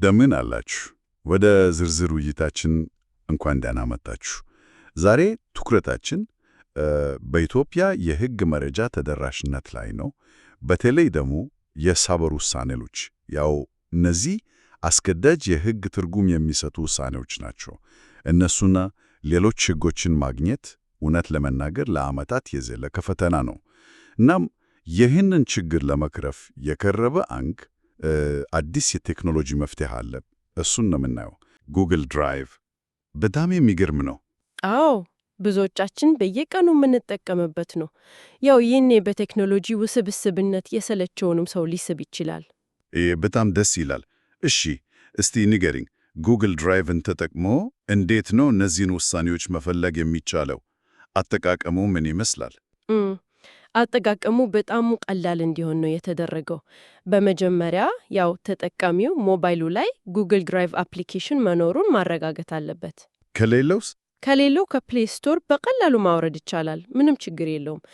እንደምን አላችሁ። ወደ ዝርዝር ውይይታችን እንኳን ደህና መጣችሁ። ዛሬ ትኩረታችን በኢትዮጵያ የሕግ መረጃ ተደራሽነት ላይ ነው። በተለይ ደግሞ የሳበር ውሳኔዎች፣ ያው እነዚህ አስገዳጅ የሕግ ትርጉም የሚሰጡ ውሳኔዎች ናቸው። እነሱና ሌሎች ሕጎችን ማግኘት እውነት ለመናገር ለዓመታት የዘለቀ ፈተና ነው። እናም ይህንን ችግር ለመቅረፍ የቀረበ አንግ አዲስ የቴክኖሎጂ መፍትሄ አለ። እሱን ነው የምናየው፣ ጉግል ድራይቭ። በጣም የሚገርም ነው። አዎ ብዙዎቻችን በየቀኑ የምንጠቀምበት ነው። ያው ይህኔ በቴክኖሎጂ ውስብስብነት የሰለቸውንም ሰው ሊስብ ይችላል። በጣም ደስ ይላል። እሺ እስቲ ንገሪኝ፣ ጉግል ድራይቭን ተጠቅሞ እንዴት ነው እነዚህን ውሳኔዎች መፈለግ የሚቻለው? አጠቃቀሙ ምን ይመስላል? አጠቃቀሙ በጣም ቀላል እንዲሆን ነው የተደረገው። በመጀመሪያ ያው ተጠቃሚው ሞባይሉ ላይ ጉግል ድራይቭ አፕሊኬሽን መኖሩን ማረጋገጥ አለበት። ከሌለውስ? ከሌለው ከፕሌይ ስቶር በቀላሉ ማውረድ ይቻላል። ምንም ችግር የለውም።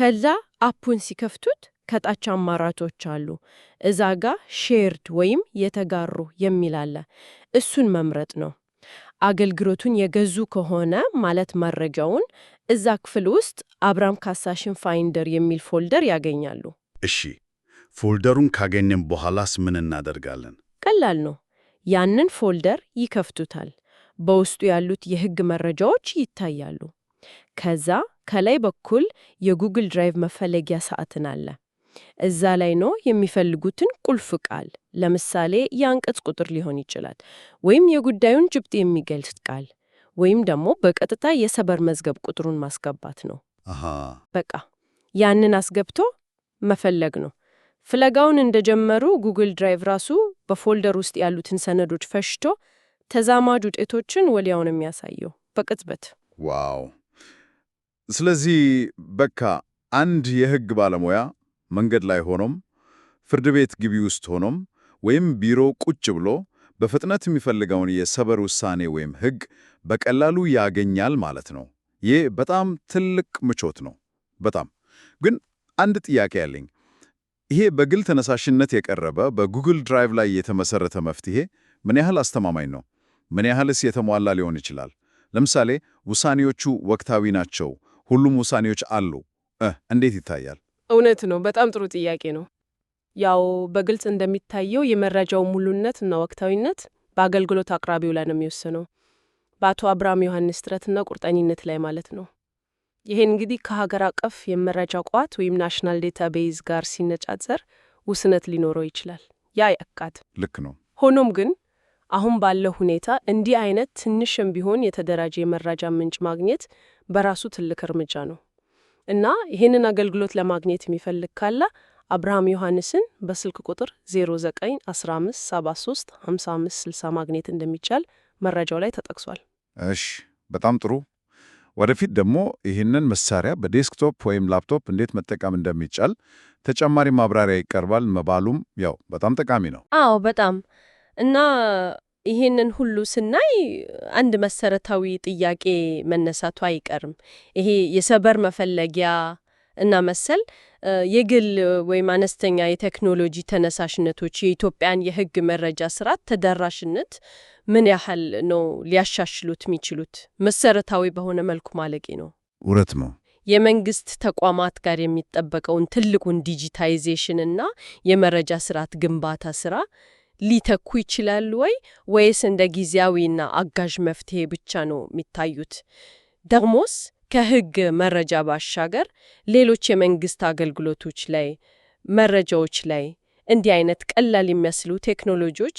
ከዛ አፑን ሲከፍቱት ከታች አማራጮች አሉ። እዛ ጋ ሼርድ ወይም የተጋሩ የሚል አለ። እሱን መምረጥ ነው። አገልግሎቱን የገዙ ከሆነ ማለት መረጃውን እዛ ክፍል ውስጥ አብራም ካሳሽን ፋይንደር የሚል ፎልደር ያገኛሉ። እሺ፣ ፎልደሩን ካገኘን በኋላስ ምን እናደርጋለን? ቀላል ነው። ያንን ፎልደር ይከፍቱታል። በውስጡ ያሉት የሕግ መረጃዎች ይታያሉ። ከዛ ከላይ በኩል የጉግል ድራይቭ መፈለጊያ ሰዓትን አለ። እዛ ላይ ነው የሚፈልጉትን ቁልፍ ቃል፣ ለምሳሌ የአንቀጽ ቁጥር ሊሆን ይችላል፣ ወይም የጉዳዩን ጭብጥ የሚገልጽ ቃል፣ ወይም ደግሞ በቀጥታ የሰበር መዝገብ ቁጥሩን ማስገባት ነው። በቃ ያንን አስገብቶ መፈለግ ነው። ፍለጋውን እንደጀመሩ ጉግል ድራይቭ ራሱ በፎልደር ውስጥ ያሉትን ሰነዶች ፈሽቶ ተዛማጅ ውጤቶችን ወዲያውን የሚያሳየው በቅጽበት። ዋው! ስለዚህ በቃ አንድ የህግ ባለሙያ መንገድ ላይ ሆኖም፣ ፍርድ ቤት ግቢ ውስጥ ሆኖም ወይም ቢሮ ቁጭ ብሎ በፍጥነት የሚፈልገውን የሰበር ውሳኔ ወይም ሕግ በቀላሉ ያገኛል ማለት ነው። ይህ በጣም ትልቅ ምቾት ነው። በጣም ግን አንድ ጥያቄ ያለኝ ይሄ በግል ተነሳሽነት የቀረበ በጉግል ድራይቭ ላይ የተመሰረተ መፍትሄ ምን ያህል አስተማማኝ ነው? ምን ያህልስ የተሟላ ሊሆን ይችላል? ለምሳሌ ውሳኔዎቹ ወቅታዊ ናቸው፣ ሁሉም ውሳኔዎች አሉ። እንዴት ይታያል? እውነት ነው። በጣም ጥሩ ጥያቄ ነው። ያው በግልጽ እንደሚታየው የመረጃው ሙሉነት እና ወቅታዊነት በአገልግሎት አቅራቢው ላይ ነው የሚወሰነው፣ በአቶ አብርሃም ዮሐንስ ጥረትና ቁርጠኝነት ላይ ማለት ነው። ይሄን እንግዲህ ከሀገር አቀፍ የመረጃ ቋት ወይም ናሽናል ዴታ ቤዝ ጋር ሲነጫጸር ውስነት ሊኖረው ይችላል። ያ ያቃት ልክ ነው። ሆኖም ግን አሁን ባለው ሁኔታ እንዲህ አይነት ትንሽም ቢሆን የተደራጀ የመረጃ ምንጭ ማግኘት በራሱ ትልቅ እርምጃ ነው። እና ይህንን አገልግሎት ለማግኘት የሚፈልግ ካለ አብርሃም ዮሐንስን በስልክ ቁጥር 0915735560 ማግኘት እንደሚቻል መረጃው ላይ ተጠቅሷል። እሺ፣ በጣም ጥሩ። ወደፊት ደግሞ ይህንን መሳሪያ በዴስክቶፕ ወይም ላፕቶፕ እንዴት መጠቀም እንደሚቻል ተጨማሪ ማብራሪያ ይቀርባል መባሉም ያው በጣም ጠቃሚ ነው። አዎ፣ በጣም እና ይሄንን ሁሉ ስናይ አንድ መሰረታዊ ጥያቄ መነሳቱ አይቀርም። ይሄ የሰበር መፈለጊያ እና መሰል የግል ወይም አነስተኛ የቴክኖሎጂ ተነሳሽነቶች የኢትዮጵያን የሕግ መረጃ ስርዓት ተደራሽነት ምን ያህል ነው ሊያሻሽሉት የሚችሉት? መሰረታዊ በሆነ መልኩ ማለቂ ነው። እውነት ነው። የመንግስት ተቋማት ጋር የሚጠበቀውን ትልቁን ዲጂታይዜሽን እና የመረጃ ስርዓት ግንባታ ስራ ሊተኩ ይችላሉ ወይ ወይስ እንደ ጊዜያዊና አጋዥ መፍትሄ ብቻ ነው የሚታዩት? ደግሞስ ከህግ መረጃ ባሻገር ሌሎች የመንግስት አገልግሎቶች ላይ መረጃዎች ላይ እንዲህ አይነት ቀላል የሚያስሉ ቴክኖሎጂዎች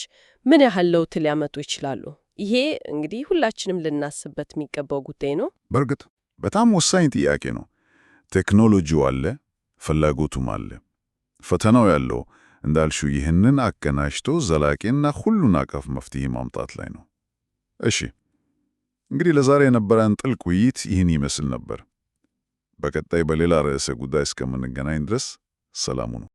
ምን ያህል ለውጥ ሊያመጡ ይችላሉ? ይሄ እንግዲህ ሁላችንም ልናስበት የሚገባው ጉዳይ ነው። በእርግጥ በጣም ወሳኝ ጥያቄ ነው። ቴክኖሎጂው አለ፣ ፍላጎቱም አለ። ፈተናው ያለው እንዳልሹ ይህንን አቀናጅቶ ዘላቂና ሁሉን አቀፍ መፍትሄ ማምጣት ላይ ነው። እሺ እንግዲህ ለዛሬ የነበረን ጥልቅ ውይይት ይህን ይመስል ነበር። በቀጣይ በሌላ ርዕሰ ጉዳይ እስከምንገናኝ ድረስ ሰላሙ ነው።